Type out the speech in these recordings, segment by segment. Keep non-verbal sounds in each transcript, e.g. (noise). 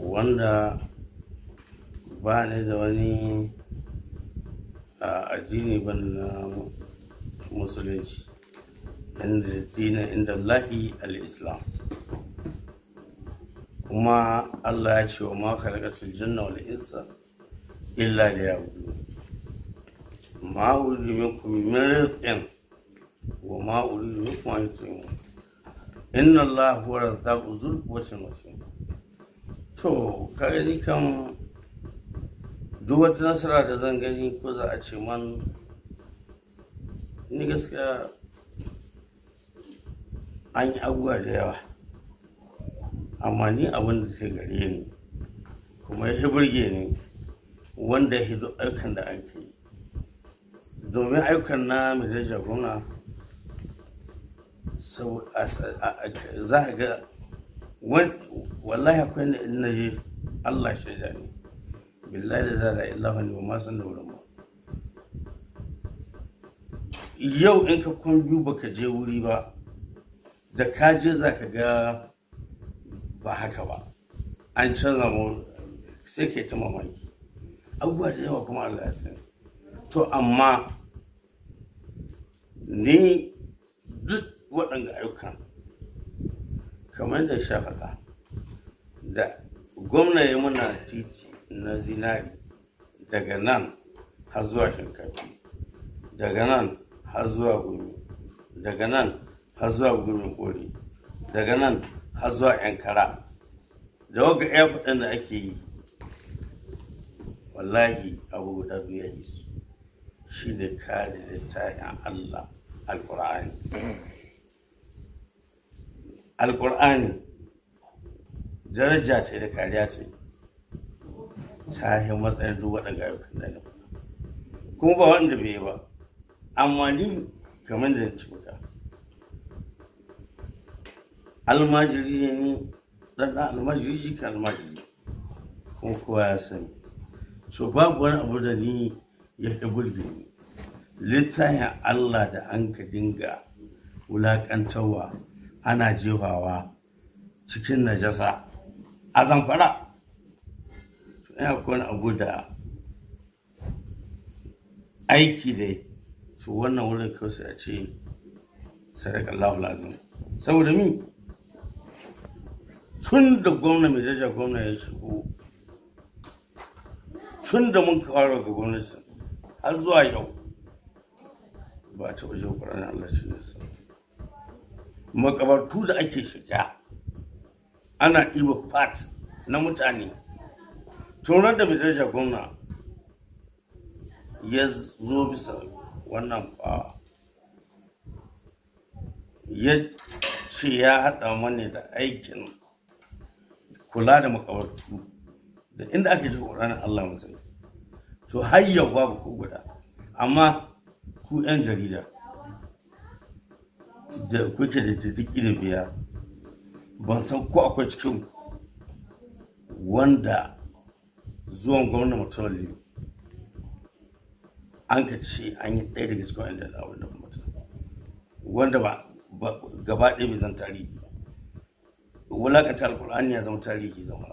wanda ba ni da wani addini ban na musulunci inda dina inda lahi al-islam kuma allah ya ce wa ma khalaqatul janna wani insa illa da ya gudu. ma uridu minkum min rizqin wa ma uridu minkum an tut'imun inna allaha huwa razzaqu dhul quwwati matin to ka gani kan duk wata nasara da zan gani ko za a ce man ni gaskiya an yi abuwa da yawa amma ni abin da ke gare ni kuma ya burge ni wanda ya hido aikan da ake yi domin aikan na mai gwamna za a ga wallahi akwai na in naje Allah shi da ne billahi da zara illa ne ba ma san da wurin ba yau in ka kun biyu baka je wuri ba da ka je za ka ga ba haka ba an canza mu sai ka yi ta mamaki abubuwa da yawa kuma Allah ya sani to amma ni duk waɗanda ayyukan kamar da shafaka da gwamna ya muna titi na zinari daga nan har zuwa shinkafi daga nan har zuwa gumi daga nan har zuwa gumin kori daga nan har zuwa yankara da waga airport ɗin da ake yi wallahi abu guda biya yi su, shi ne kare tayin allah alkur'ani alkur'ani daraja ce da kariya ce yi matsayin duk waɗanda ayyukan da na kuma ba wanda bai yi ba amma ni kamar da ci wuta almajiri ne ni ɗan almajiri jika almajiri kuma kowa ya sani so babu wani abu da ni ya fi burge ni littafin allah da an ka dinga wulaƙantarwa ana jefawa cikin najasa a zamfara ya kone abu da aiki dai su wannan wurin kawai sai a ce sadaka Allahu lazim saboda mi tun da gwamna mai jaja gwamna ya shigo tun da mun kawar ga gwamnati har zuwa yau ba ta wajen kwararren Allah shi ne makabartu da ake shiga ana ɗiba fat na mutane tunar da mai gwamna ya zo bisa wannan ba ya ce ya haɗa mani da aikin kula da makabartu da inda ake jin ƙoranin Allah musulmi to har yau babu ko guda amma ku 'yan jarida da kuke da da biya ban san ko akwai cikin wanda zuwan gwamnan mutuwalli an ka ce an yi ɗaya daga cikin wanda da wannan mutum wanda ba gaba ɗaya bai zan tarihi wulakanta alkur'ani ya zama tarihi zama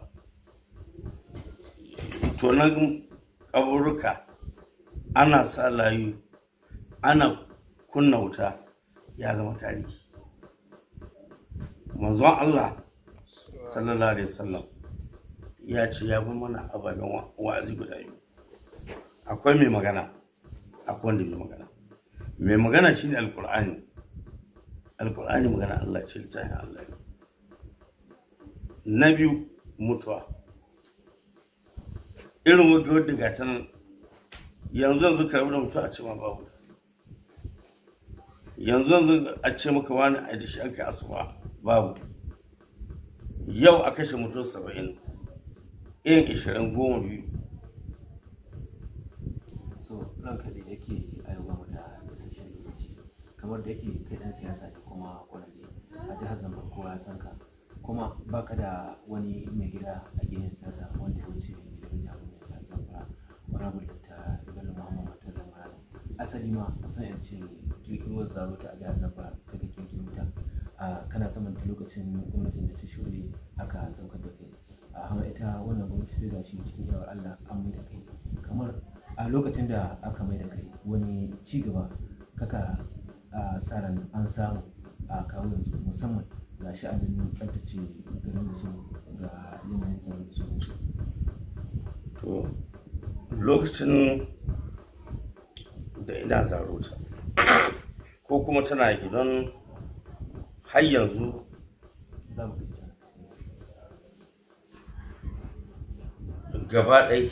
tonan kaburuka ana sa layu ana kunna wuta ya zama tarihi manzon Allah sallallahu alaihi wasallam ya ce ya bi mana ababen wa'azi guda biyu akwai mai magana akwai wanda mai magana mai magana shi ne alkur'ani alkur'ani magana Allah ce ta littafin Allah ne. na biyu mutuwa irin wadda wadda gata nan yanzu yanzu karbi da mutuwa ce ma babu yanzu yanzu a ce maka wani a da shi asuwa babu yau a kashe mutum saba'in in ishirin goma biyu so ranka da yake ayyuka mu da decision da yace kamar da yake kai dan siyasa da kuma kwanaki a jihar zambar kowa ya san ka kuma baka da wani mai gida a gidan siyasa wanda ya wuce mai gidan jami'in ta zamfara wani abu da ta zama muhammad ta zamfara asali ma kusan yance kirkiro wani tsaro ta a jihar zamfara a kana saman ta lokacin gwamnatin da ta shure aka saukar da kai a hawa ita wannan gwamnati sai cikin yawar allah an mai da kai kamar a lokacin da aka mai da kai wani ci gaba kaka tsarin an samu a kawo yanzu musamman ga garin su ga yanayin su lokacin da ina ko kuma tana gidan har yanzu gaba ɗai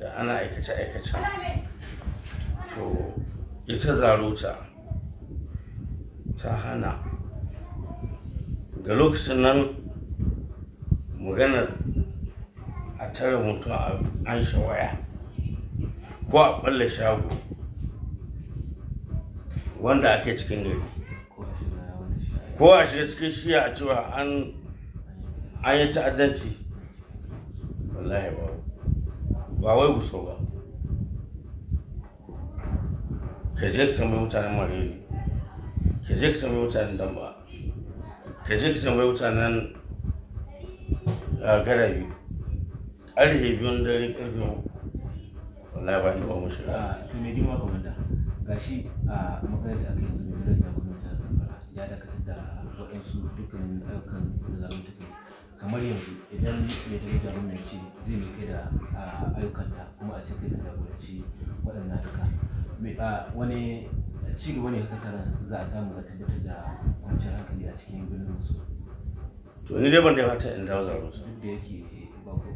da ana aikace-aikacen to ita zarota ta hana ga lokacin nan magana a tare mutum an shawaya ko a ɓalla shago wanda ake cikin gari ko a shiga cikin shiya a cewa an an yi ta'addanci wallahi ba ba wai guso ba ka je ka tambayi mutanen mariri ka je ka tambayi mutanen damba ka je ka tambayi mutanen ah, garabi ƙarfe biyun dare ƙarfe wallahi ba ni ba mu shiga ah, gashi a makarantar da aka yi da gwamnatin zamfara ya dakatar da waɗansu dukkanin ayyukan da zaɓen tafi kamar yanzu idan mai da rigar wannan ce zai mai da ayyukanta kuma a cikin da jagoranci waɗannan duka wani ci gaba ne kasar za a samu da tabbatar da kwanciyar hankali a cikin birnin su to ni dai ban da fata in dawo zaro duk da yake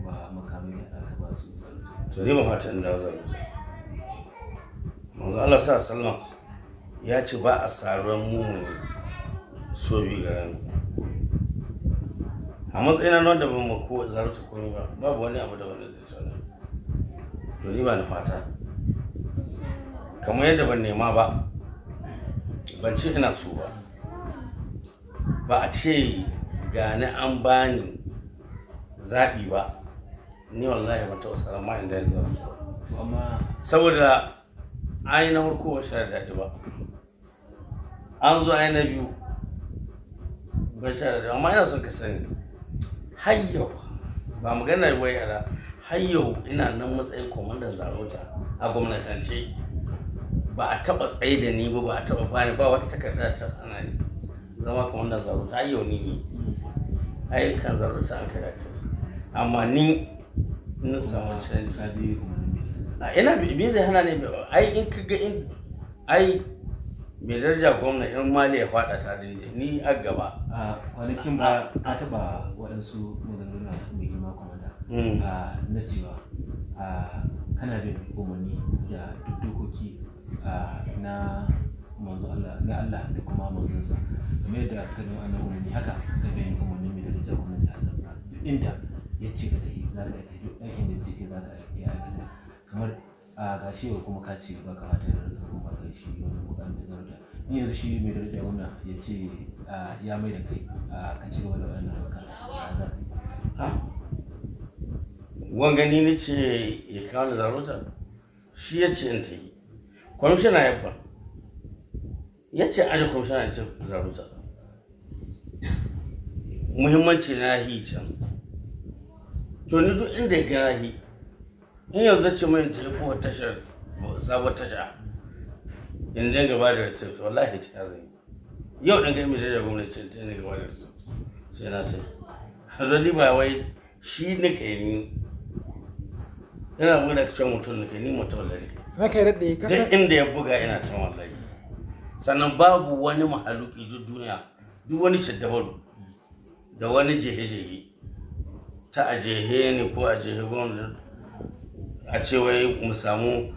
ba makamai aka ba su to ni ba fata in dawo zaro manzo Allah sa sallam ya ce ba a saran mumuni so bi garin a matsayina na wanda ban mako zarta komai ba babu wani abu da wani zai tsara to ni ba na fata kamar yadda ban nema ba ban ce ina so ba ba a ce gani an bani zaɓi ba ni wallahi ban taɓa saran ma inda ya saboda ai na farko ba sha daɗi ba an zo ai na biyu ba sha daɗi amma ina son ka sani hayyau ba magana wai yara hayyau ina nan matsayin kwamandan zarauta a gwamnatance ba a taɓa tsaye da ni ba ba a taɓa bani ba wata takarda ta ana ni zama kwamandan zarauta hayyau ni ne ayyukan zarauta an karatu amma ni na samu canji ina bi zai hana ne ai in ka ga in ai mai daraja gwamna yan mali ya fada ta da ni a gaba a kwanakin ba ka taba waɗansu maganganu mai girma kwamanda hmm. na cewa kana bin umarni da dokoki na manzo Allah na Allah da kuma manzonsa kamar yadda ka ga wannan umarni haka ka ga yin umarni mai daraja gwamna ta inda ya ce ta yi za ka yi aikin da ce ke za ka yi aikin kamar a gashi yau kuma ka ce ba kamata ya rinka rumba kai shi wani mukamin da daraja ni yanzu shi mai daraja wannan ya ce ya mai da kai ka ci gaba da wannan baka wangani na ce ya kawo zarota shi ya ce in ta yi kwamishina ya fa ya ce aje kwamishina ya ce zarota muhimmanci na yi can to ni duk inda ya gana yi in yanzu na ce mai ta yi kowar tashar sabon tasha in dinga gaba da receipt wallahi ta zai yau ɗin ga imidiyar gwamnati ta ne gaba da receipt sai na ta yi. ni ba wai shi yi ni yana buga kacin mutum yi ni mutum da nake duk inda ya buga yana ta wallahi sannan babu wani mahaluki duk duniya duk wani caddabaru da wani jehe-jehe ta a jehe ne ko a jehe gwamnati a cewa mu samu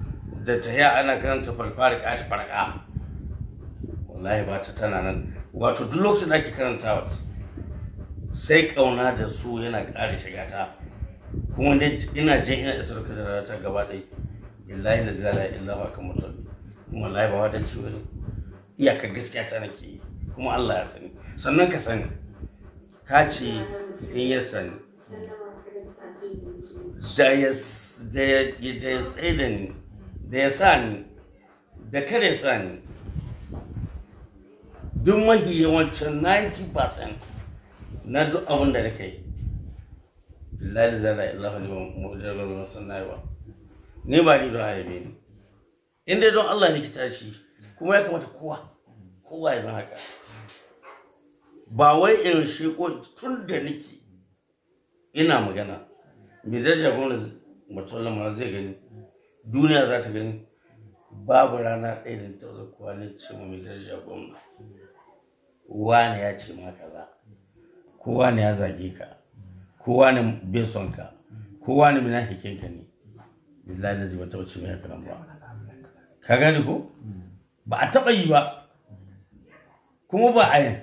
da ta ya ana karanta farfarika ta farka wallahi ba ta tana nan wato duk lokacin da ake wa sai kauna da su yana ƙara shiga ta kuma da ina jin ina isar ka da ta gaba ɗai illahi da zala illa ba kamar ta kuma wallahi ba wata ciwo ne iyaka gaskiya ta nake yi kuma Allah ya sani sannan ka sani ka ce in ya sani da ya da ya tsaye da ni da ya sa ni da kare sa ni duk mafi yawancin 90% na duk abin da nake yi lillahi zara ilaha ne mu'jarar wasan naiwa ne ba ni don haife ni in dai don Allah ne ki tashi kuma ya kamata kowa kowa ya zan haka ba wai in shi tun da nake ina magana mai daraja gwamnati matsalama zai gani duniya za ta gani babu rana ɗaya da ta zakuwa ne ce mu mai daraja gwamna wani ya ce ma kaza kowa ne ya zage ka kowa ne bai son ka kowa ne mina hikin ka ne billahi da zuba ta wuce mai haka ba ka gani ko ba a taɓa yi ba kuma ba a yin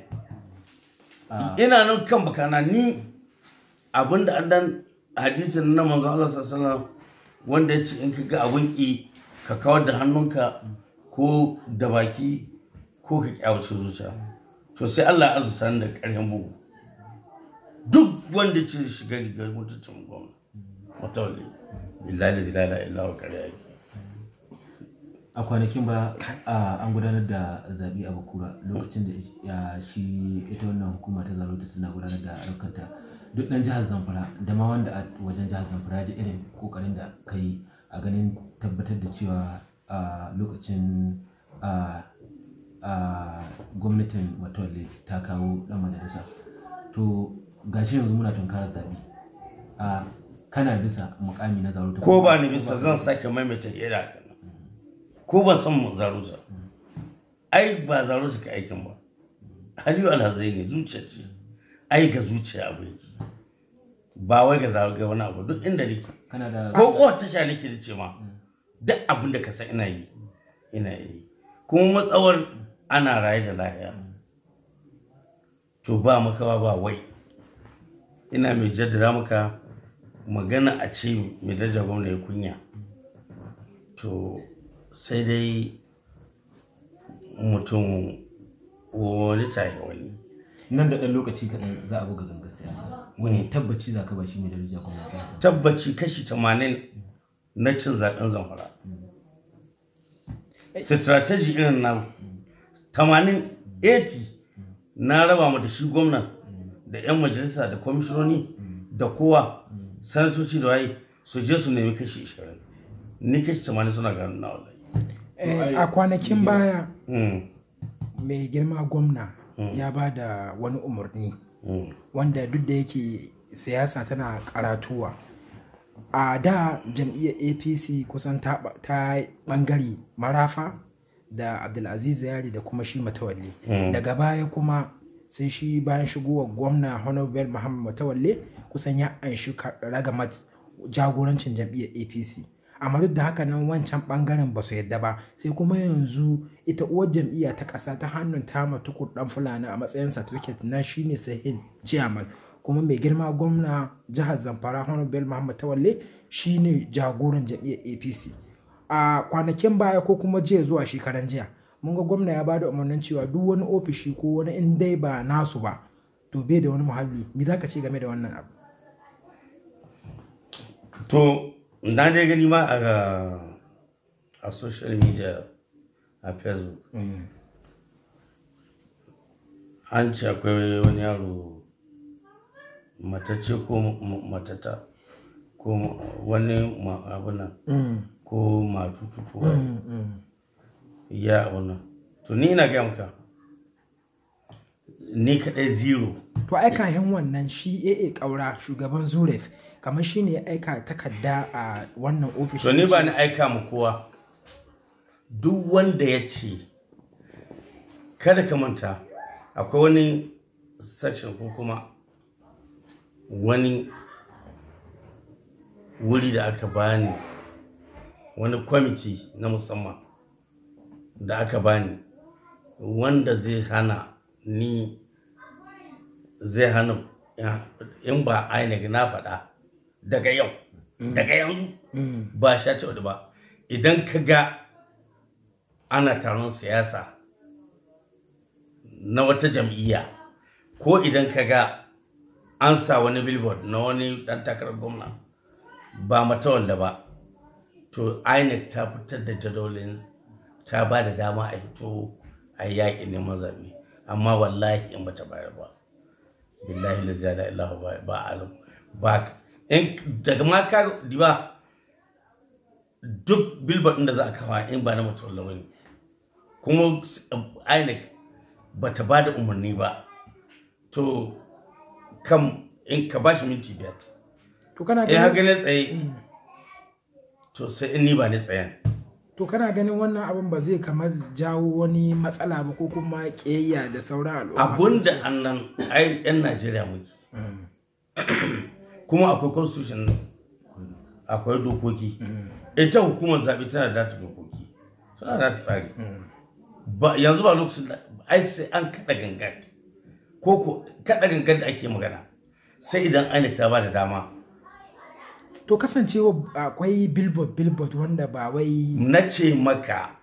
ah. ina nan kan bakana ni abinda an dan hadisin na manzo Allah sallallahu wanda ya in ka ga abun ki ka kawar da hannunka ko da baki ko ka kyawace zuciya to sai Allah ya azurta da ƙarfin bugu duk wanda ce shiga rigar mutuncin gwamna matawalli billahi la ilaha illa wa ƙarya yake a kwanakin ba an gudanar da zabi a bakura lokacin da shi ita wannan hukuma ta zaro da tana gudanar da harkarta duk ɗan jihar zamfara da ma wanda a wajen jihar zamfara ji irin kokarin da ka yi a ganin tabbatar da cewa a lokacin a gwamnatin Matole ta kawo ɗan majalisa to gashi yanzu muna tunkarar zaɓe a kana bisa mukami na zaro ko ba ni bisa zan sake maimaita ira ko ban san mu zaro ai ba zaro ka aikin ba Aliyu Alhazai ne zuciya ce ai ga zuciya abu ba wai ga zaga wani abu duk inda ne ko kowa tasha nake da ce ma hmm. duk abin da ka san ina yi ina yi kuma matsawar ana raye da lahiya hmm. to ba makawa ba wai ina mai jaddada maka magana a ce mai daraja gwamna ya kunya to sai dai mutum wani tayi wani nan da ɗan lokaci kaɗan za a buga gangar siyasa wani tabbaci za ka ba shi mai daraja kuma tabbaci kashi 80 na cin zaɓen zamfara eh. strategy irin na 80 80 na raba da shi gwamnan da 'yan majalisa da kwamishinoni da kowa sanatoci da waye su je su nemi kashi 20 ni kashi 80 suna ganin na wallahi eh, a kwanakin mm. baya mm. mai girma gwamna Mm. ya ba da wani umarni mm. wanda duk da yake siyasa tana karatuwa a da jam'iyyar apc kusan ta bangare marafa da abdulaziz yari da kuma shi matawalle mm. daga baya kuma sai shi bayan shigowar gwamna honorable muhammad matawalle kusan ya anshi ragamat jagorancin jam'iyyar apc amma duk da haka nan wancan bangaren ba su yadda ba sai kuma yanzu ita uwar jam'iyya ta ƙasa ta hannun tama tukur dan fulani a matsayin certificate na shine sahin chairman kuma mai girma gwamna jihar zamfara honorable muhammad tawalle shine jagoran jam'iyyar apc a kwanakin baya ko kuma jiya zuwa shekaran jiya mun ga gwamna ya bada umarnin cewa duk wani ofishi ko wani in dai ba nasu ba to bai da wani muhalli me za ka ce game da wannan abu to na dai gani ma a a social media a facebook mm. an ce akwai wani yaro matacce ko matata ko wani abuna mm. ko matutu ko mm, ya abuna to ni na gaya maka ni kadai zero to ai kayan wannan shi AA kaura shugaban zuref kamar shi ne aika takarda a wannan ofishin to ni ba ni aika mu kowa duk wanda ya ce kada ka manta akwai wani section ko kuma wani wuri da aka bani wani kwamiti na musamman da aka bani wanda zai hana ni zai hana in ba ainihin na faɗa daga yau mm. daga yanzu mm. ba sha ci ba idan ka ga ana taron siyasa na wata jam'iyya ko idan ka ga an sa wani billboard na wani dan takarar gwamna ba matawalla ba to inec ta fitar da jadolin ta ba da dama a fito a yaƙi neman zaɓe amma wallahi in bata bayar ba billahi la illahu ba ba daga ma ka diba duk billboard din da za a kawa in ba na mutum ne kuma inec ba ta ba da umarni ba to kam in ka ba shi minti biyar to kana ganin haka ne tsaye mm. to sai in ni ba ne tsayen to kana ganin wannan abin ba zai kamar jawo wani matsala ba ko kuma ƙeya da sauran al'umma abun da annan ai yan najeriya muke mm. (coughs) kuma akwai constitution akwai dokoki mm. ita hukumar zaɓe tana da ta dokoki tana da ta tsari mm. yanzu ba lokacin da ai sai an kaɗa gangan ko ko kaɗa gangan da ake magana sai idan an ta ba da dama to kasancewa akwai billboard billboard wanda ba wai na ce maka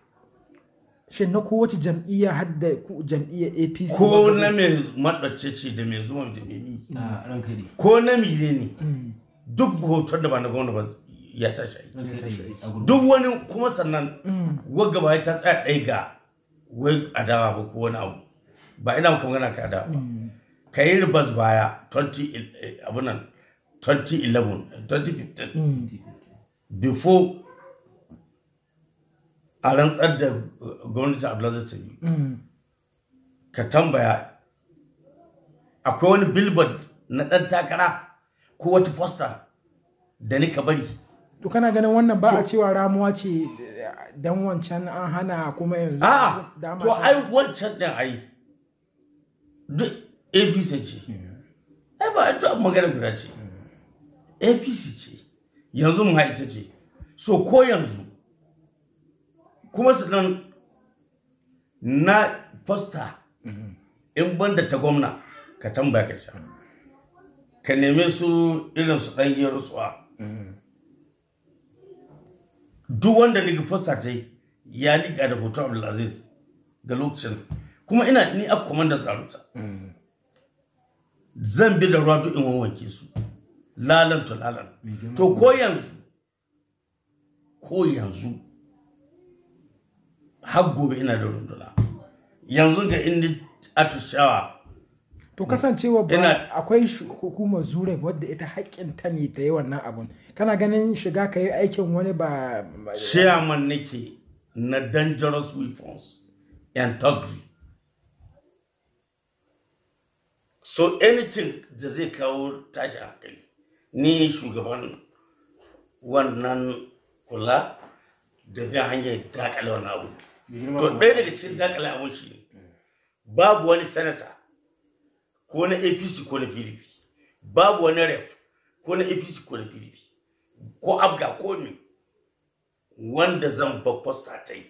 shin na kowace jam'iyya hadda da jam'iyyar apc ko na mai maɗace ce da mai zuwan da mai ko na mile ne mm. duk hoton da ba na gwamna ba ya tashi duk wani kuma sannan mm. wagga ba ta tsaya ɗai ga wai adawa ba ko wani abu ba ina maka magana ka adawa ba mm. ka yi ribas baya 2011 eh, before a rantsar da gwamnati abdulaziz ta yi mm. ka tambaya akwai wani billboard na ɗan takara ko wata fosta da ni ka bari to kana ganin wannan ba a cewa ramuwa ce dan wancan an hana kuma yanzu a to ai wancan din ai duk apc ce ai ba ita magana guda ce apc ce yanzu mun ita ce so ko yanzu kuma sannan na fosta mm-hmm. in banda ta gwamna ka tambaya ka sha ka neme su irin su ɗan yi rusuwa mm-hmm. duk wanda nake fosta ta yi ya liƙa da hoton abdulaziz ga lokacin kuma ina ni a kwamandan tsaruta mm-hmm. zan bi da ruwa duk in wanke su lalan to to ko yanzu ko yanzu har gobe ina da runduna yanzu ga inda atushawa to kasancewa ba akwai hukumar zure wadda ita haƙƙin ta ne ta yi wannan abun kana ganin shiga ka yi aikin wani ba chairman nake na dangerous weapons and tugri so anything da zai kawo tashi hankali ni shugaban wannan kula da biyan hanyar dakale wannan abu to ɗaya daga cikin dakala abun shi ne eh. babu wani sanata ko na apc ko na pdp babu wani ref ko na apc ko na pdp ko abga ko ne wanda zan ba posta ta yi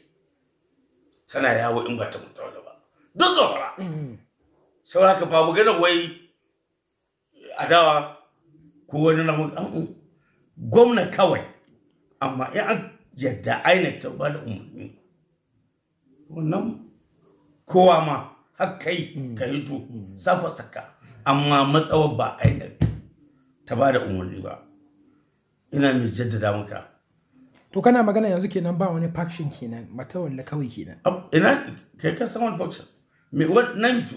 tana yawo in ba ta mutu wani ba duk zamara mm-hmm. saboda ka ba maganar wai adawa ko wani namun gwamna kawai amma in an yadda ainihin ta ba da umarni wannan kowa ma har kai mm. ka hito mm. saka amma matsawar ba yi ta ba da umarni ba ina mai jaddada maka to kana magana yanzu kenan ba wani faction kenan matawalla kawai kenan ina kai ka san wani faction me what name to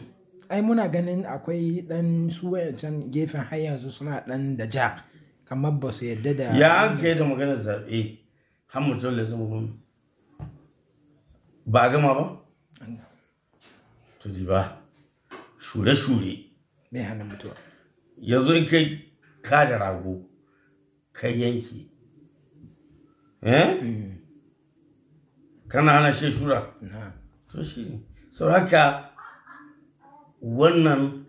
ai muna ganin akwai dan su wayancan gefen har yanzu suna dan da ja kamar ba su yadda da ya an kai da maganar zabe, har mutum da zama ba gama ba to ji ba shure-shure mai hannun mutuwa yanzu in kai ka da rago ka yanki eh mm. kana hana shi shura to shi ne haka wannan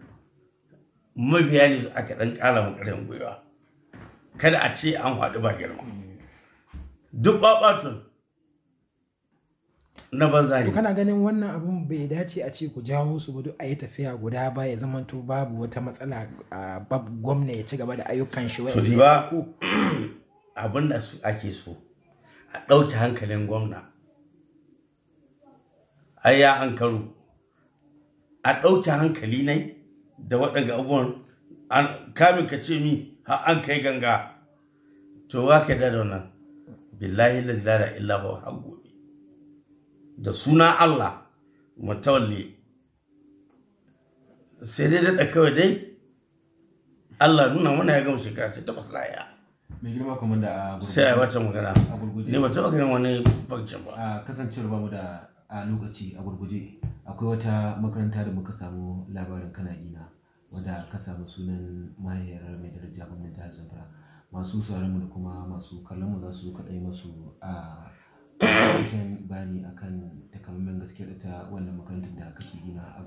mabiya ne aka ɗan ƙara makarin gwiwa kada a ce an haɗu ba girma mm. duk ɓaɓatun na banza ne kana ganin wannan abun bai dace a ce ku jawo su ba duk a yi tafiya guda ba ya zama to babu wata matsala a gwamna ya ci gaba da ayyukan shi wani ba abin da ake so a ɗauke hankalin gwamna ai ya hankaru a ɗauke hankali ne da waɗanda abubuwan kamin ka ce mi har an kai ganga to wa ka da wannan billahi la ilaha illa huwa haqqi da suna Allah mutawalli sai dai daɗa kawai dai Allah nuna mana ya gama shekara ta takwas laya girma kuma da sai a wata magana ne ba taɓa ganin wani bakcin ba a kasancewar ba mu da a lokaci a gurguje akwai wata makaranta da muka samu labarin kana ina wanda ka samu sunan mahaifiyar mai daraja gwamnati ta zamfara masu sauran mu da kuma masu kallon mu za su kaɗai masu a wajen bayani akan takamaiman wannan makarantar da kake gina a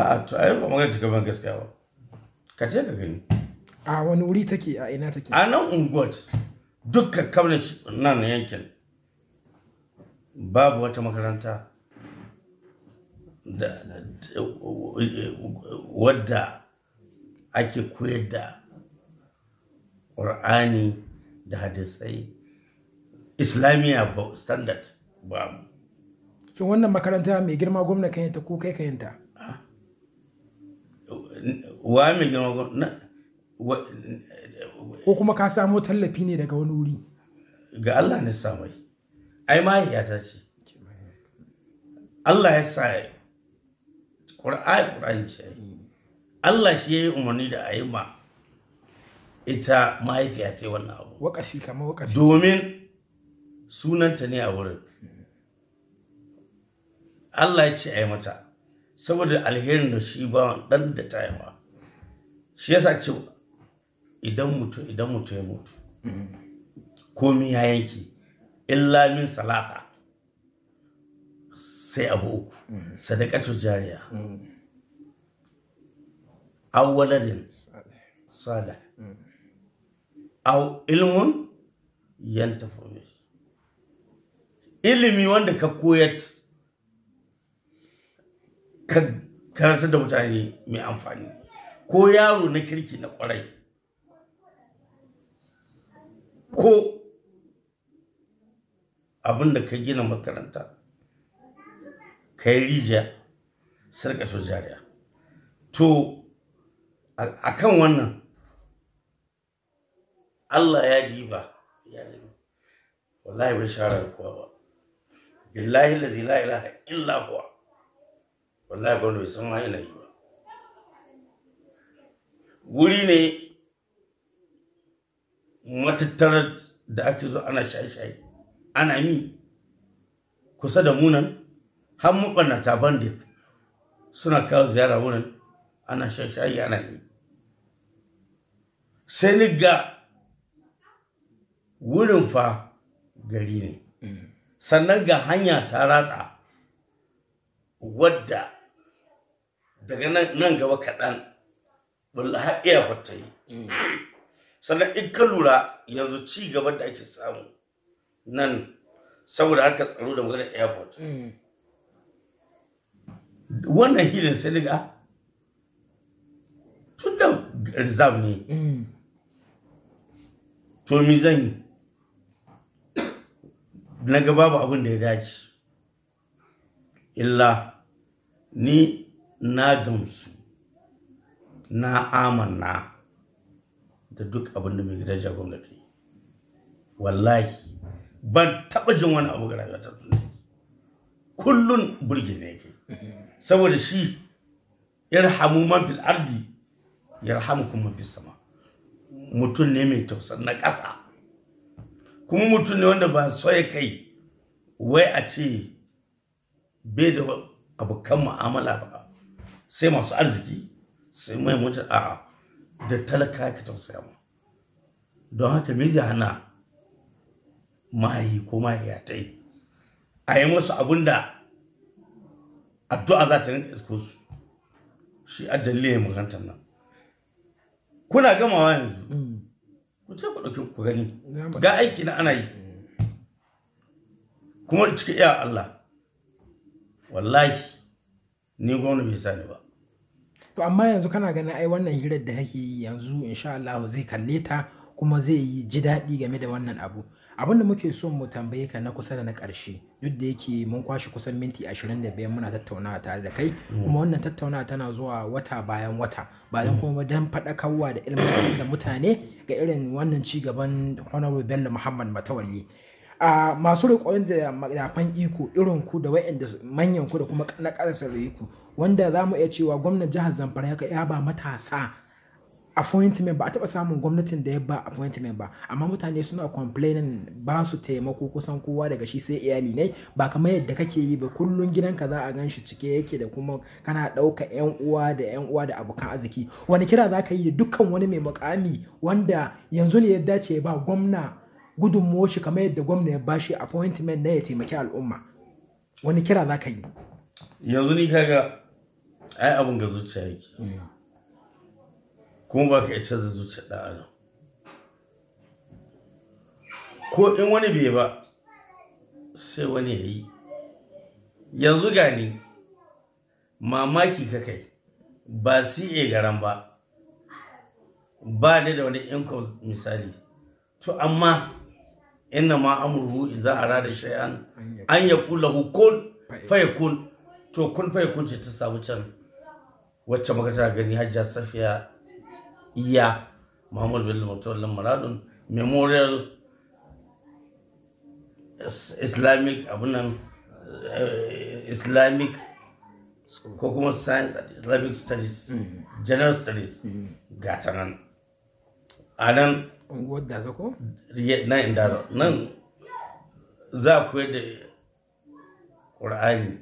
a'a to ai ba magana takamaiman gaskiya ba ka ce ka gani a wani wuri take a ina take a nan unguwar dukkan kaunar nan yankin babu wata makaranta da wadda ake koyar da ƙur'ani da hadisai islamiya ba standard ba mu shin wannan makaranta mai girma gwamna kan yanta ko kai ka yanta wa mai girma gwamna ko kuma ka samo tallafi ne daga wani wuri ga Allah ne samai ai mahaifiyata ce Allah ya sa Qur'ani ce Allah shi yayi umarni da ayi ma ita mahaifiya ce wannan abu waƙafi kamar waƙafi domin sunanta ne a wurin Allah ya ce a yi mata saboda alherin da shi ba dan da ta yawa shi yasa ce idan mutu idan mutu ya mutu komi ya yanki illa min salata sai abu uku sadakatu jariya aw waladin salih aw ilmun yantafu bihi ilimi wanda ka koyar ka karantar da mutane mai amfani ko yaro na kirki na kwarai ko abin da ka gina makaranta ka yi rijiya sarkato jariya to a kan wannan Allah ya diba ya wallahi bai shara da kowa ba lillahi lazi la ilaha illa huwa wallahi gwamnati bai san wani yanayi ba wuri ne matattarar da ake zo ana shaye-shaye ana yi kusa da munan har maɓannata bandit suna kawo ziyara wurin ana shaye-shaye ana yi sai ni ga wurin fa gari ne mm. sannan ga hanya ta ratsa wadda daga nan gaba kaɗan wallaha iya fata yi mm. sannan in ka lura yanzu ci gaba da ake samu nan saboda harkar tsaro da maganar airport mm. wannan hilin sai daga tun da reserve ne mm. to mi na ga babu abin da ya dace illa ni na gamsu na amanna da duk abin da mai gidaja gwamnati wallahi ban taba jin wani abu gara ta kullun burge ne ke saboda shi irhamu man fil ardi yarhamukum man fis sama mutum ne mai tausar na ƙasa kuma mutum ne wanda ba so ya kai wai a ce bai da abokan mu'amala ba sai masu arziki sai mai mutu a da talaka ka tausaya ma don haka me hana mahayi ko yi. a yi masu abin da addu'a za ta rinka isko su shi ya magantar nan kuna gamawa yanzu mm. ku ce ku ɗauki ku gani ga aiki na ana yi kuma cikin iya Allah wallahi ni gwamnati bai sani ba to amma yanzu kana ganin ai wannan hirar da kake yi yanzu insha Allah zai kalle ta kuma zai yi ji daɗi game da wannan abu abin da muke so mu tambaye ka na kusa da na ƙarshe duk da yake mun kwashe kusan minti 25 muna tattaunawa tare da kai kuma wannan tattaunawa tana zuwa wata bayan wata ba don kuma don faɗakarwa da ilmantar da mutane ga irin wannan ci gaban honorable bello muhammad matawali a masu rikon da madafan iko irin ku da wa'anda manyan ku da kuma na da iko wanda za mu iya cewa gwamnan jihar zamfara ya ba matasa appointment ba a taɓa samun gwamnatin da ya ba appointment ba amma mutane suna complaining ba su taimako kusan kowa daga shi sai iyali ne ba kamar yadda kake yi ba kullun ka za a gan shi cike yake da kuma kana ɗauka yan uwa da yan uwa da abokan arziki wani kira za ka yi da dukkan wani mai mukami wanda yanzu ne ya dace ba gwamna gudunmuwar shi kamar yadda gwamna ya ba shi appointment na ya taimaki al'umma wani kira za ka yi yanzu ni kaga ai abun ga zuciya yake kuma ba ka canza ce da adam ko in wani bai ba sai wani ya yi yanzu gani mamaki ka kai ba siye garan ba ba ni da wani income misali to amma inna ma za iza arada shay'an an yaqula kun fayakun to kun fayakun ce ta samu can wacce magata gani hajjar safiya iya muhammadu bello mutawallin maradun memorial islamic abunan eh, islamic ko kuma science and islamic studies mm-hmm. general studies mm-hmm. ga ta nan a nan na da nan inda nan za ku da ƙur'ani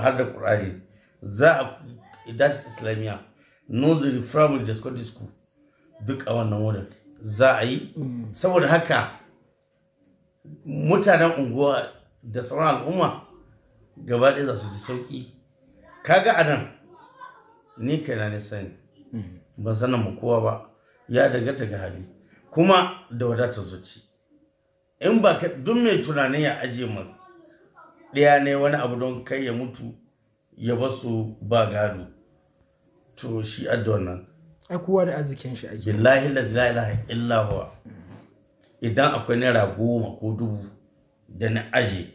har da ƙur'ani za a idas islamiyya nursery primary da secondary school duk a wannan wurin za a yi saboda haka mutanen unguwa da sauran al'umma gaba ɗaya za su ji sauƙi kaga a nan ni kaina ne sani ban sanin mu kowa ba ya daga daga hali kuma da wadatar zuci in ba duk mai tunanin ya ajiye mu ɗaya ne wani abu don kai ya mutu ya basu ba gado to shi adda nan. ai kowa da arzikin shi ake billahi la ilaha illa huwa idan akwai naira goma ko dubu da na aje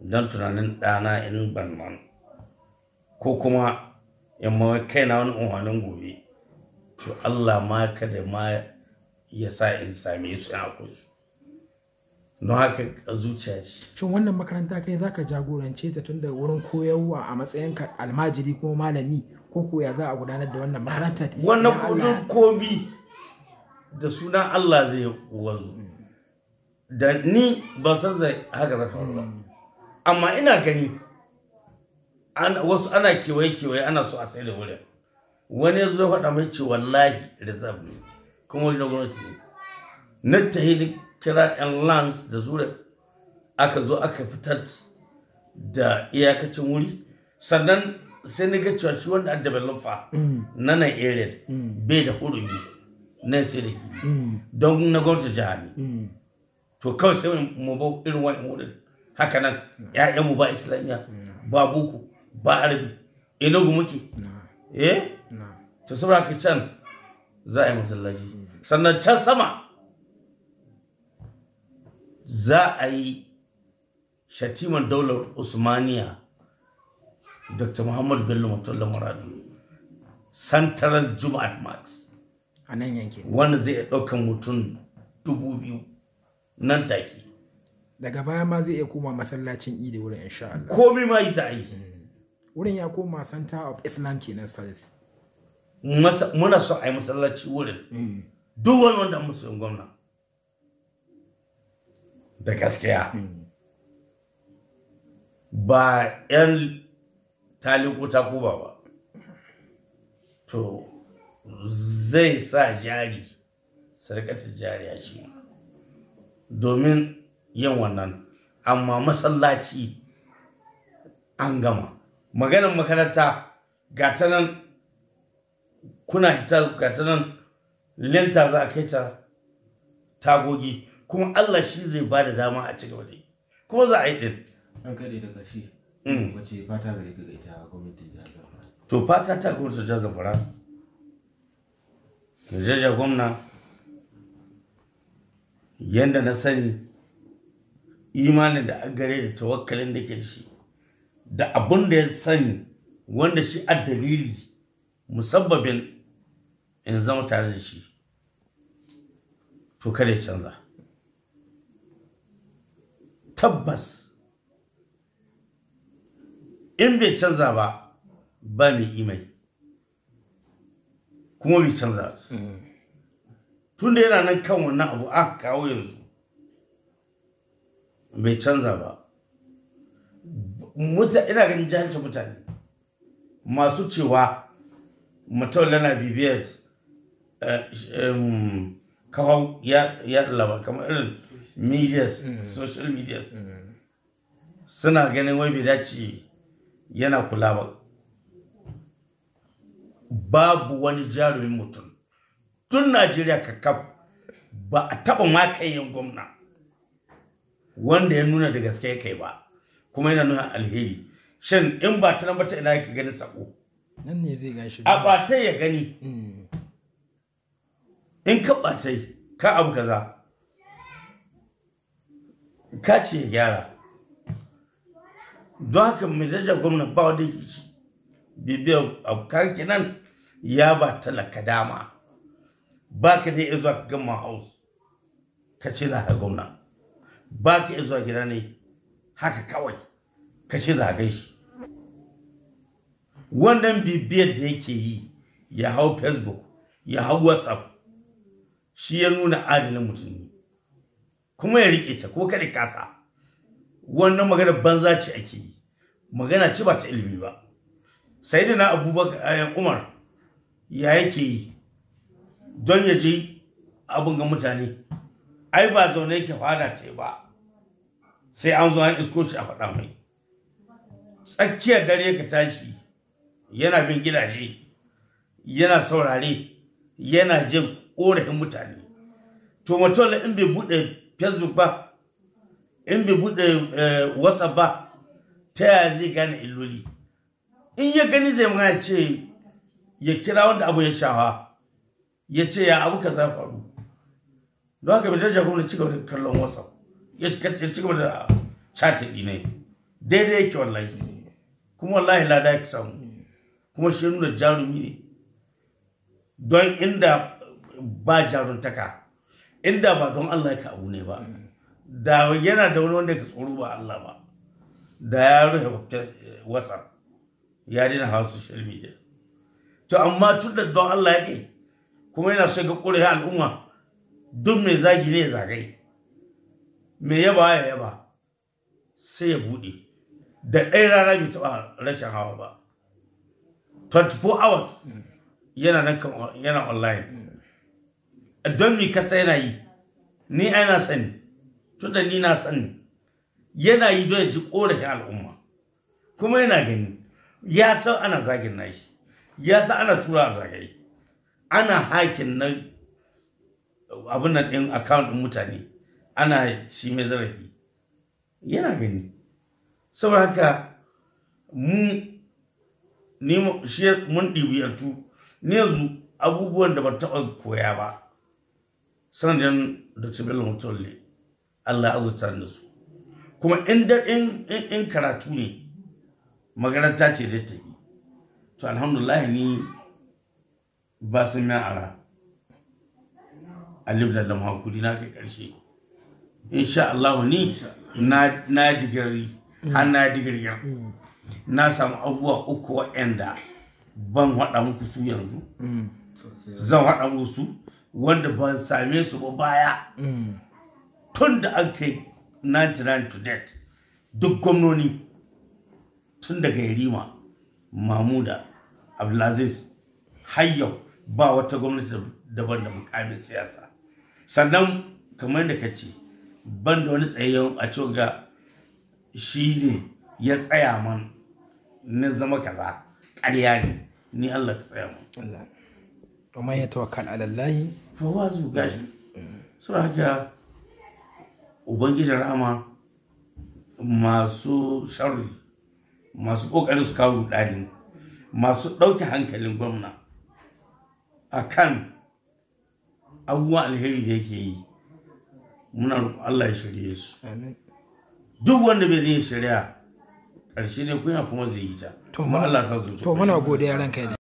don tunanin ɗana in ban ko kuma in ma kaina wani umarnin gobe to Allah ma kada ma ya sa in same su yan akwai don haka a zuciya ce shin wannan makaranta kai za ka jagorance ta tun daga wurin koyarwa a matsayin almajiri ko malami ko koya za a gudanar da wannan makaranta wannan kudin komi da sunan Allah zai wanzu da ni ban san zai haka za faru ba amma ina gani wasu ana kewaye-kewaye ana so a sai da wurin wani zo faɗa mai ce wallahi reserve ne kuma wani gwamnati ne na tahi kira 'yan lance da zura aka zo aka fitar da iyakacin wuri sannan sai na ga cewa shi wanda developer mm. na nan area mm. bai da hurumi na sirri mm. don na gwamnati jiha ne to kawai sai mu ba irin wani wurin haka nan mu ba islamiyya ba boko ba arabi gu muke eh to saboda ka can za a yi masallaci sannan can sama za a yi shatiman daular usmaniya dr muhammadu bello matola muradu central juma'at max a nan yankin wanda zai iya ɗaukan mutum dubu biyu nan take daga baya ma zai iya koma masallacin idi wurin insha Allah komai ma yi za a yi hmm. wurin ya koma center of islam kenan service muna so a yi masallaci wurin hmm. duk wani wanda yin gwamna da gaskiya hmm. ba 'yan ta kuba ba to zai sa jari sarkatar a shi domin yin wannan amma masallaci an gama maganin makaranta gata nan kuna hita gata nan lenta za a kai ta tagogi kuma Allah shi zai ba da dama a cigaba da yi kuma za a yi din an kare da kashi mm. wace fata gare ka ita gwamnatin jihar Zamfara to fata ta gwamnatin jihar Zamfara Jaja gwamna yanda na sani imanin da an gare da tawakkalin da ke shi da abin da ya sani wanda shi a dalili musabbabin in zama tare da shi to kada ya canza tabbas in bai canza ba ba mai imai kuma bai canza su mm. tun da yana nan kan wannan abu a kawo yanzu bai canza ba ina ganin jahilci mutane masu cewa mutum lana bibiyar eh, kawo ya labar kamar irin medias mm. social medias mm. suna ganin wai bai dace yana kula ba babu wani jarumin mutum tun najeriya kakaf ba a taba makayin gwamna wanda ya nuna da gaske kai ba kuma yana nuna alheri shin in ba ta ba ta ina yake gani sako nan ne zai gashi a batai ya gani mm. in ka ta ka abu kaza ka ya gyara don haka mai dajar gwamna ba wadda bibiyar abokan nan ya ba talaka dama ba ka dai zuwa gama haus ka ce za ka gwamna ba ka zuwa gida ne haka kawai ka ce za ka shi wannan bibiyar da yake yi ya hau facebook ya hau whatsapp shi ya nuna adalin mutum ne kuma ya rike ta ko kada kasa wannan magana banza ce ake yi magana ce ba ta ilimi ba sai da na abubakar eh, umar ya yake yi don ya je abin ga mutane ai ba zaune yake fada ce ba sai an zo an isko shi a faɗa mai tsakiyar dare ka tashi yana bin gidaje yana saurare yana jin ƙorafin mutane to mutum in bai buɗe facebook ba in bai buɗe eh, whatsapp ba ta yaya zai gane illoli in ya gani zai mana ce ya kira wanda abu ya shafa ya ce ya abu ka faru don haka mai daraja gwamnati cigaba da kallon whatsapp ya cigaba da chat ne daidai yake wallahi kuma wallahi lada ya samu kuma shi nuna jarumi ne don inda ba jaruntaka inda ba don Allah ka abu ne ba da yana da wani wanda ka tsoro ba Allah ba da ya rufe wasar eh, ya dina hawa social media to amma tun da don Allah ya ke kuma yana so ga ƙure al'umma duk mai zagi ne zagai mai yaba ya yaba sai ya buɗe da ɗaya rana bai taɓa rashin hawa ba 24 hours mm. yana nan yana online mm. don mi kasa yana yi ni ana sani tunda ni na sani yana yi don ji korafin al'umma kuma yana gani ya san ana zagin nashi ya san ana tura a zagaye ana hakin na abin nan ɗin account mutane ana shi mai zarafi yana gani saboda haka mu ne shi mun ɗibiyantu ne yanzu abubuwan da ba taɓa koya ba sanadin dr bello mutuwalle allah azurta da su kuma in karatu ne magaranta ce da ta yi to alhamdulillah ni ba su mai ara alif da lam hakuri na kai karshe insha Allah ni na digiri har na digiri na samu abubuwa uku waɗanda ban haɗa muku su yanzu mm. zan haɗa musu wanda ban same su ba baya mm. tun da an kai 99 to death duk gwamnoni tun daga yarima mamuda abdulaziz hayyau ba wata gwamnati daban da mukamin siyasa sannan kamar da ka ce ban da wani tsayayyen a coga shi ne ya tsaya man na zama kaza ƙarya ne ni allah ka tsaya man wa ya yatawakkal ala Allah fa huwa zu gashi sura haka ubangijin rahama masu shari masu kokarin su kawo rudani masu ɗauke hankalin gwamna a kan abubuwan alheri da yake yi muna roƙon Allah ya shirye su duk wanda bai zai shari'a ƙarshe ne kuna kuma zai yi ta to Allah sa zuciya muna godiya ranka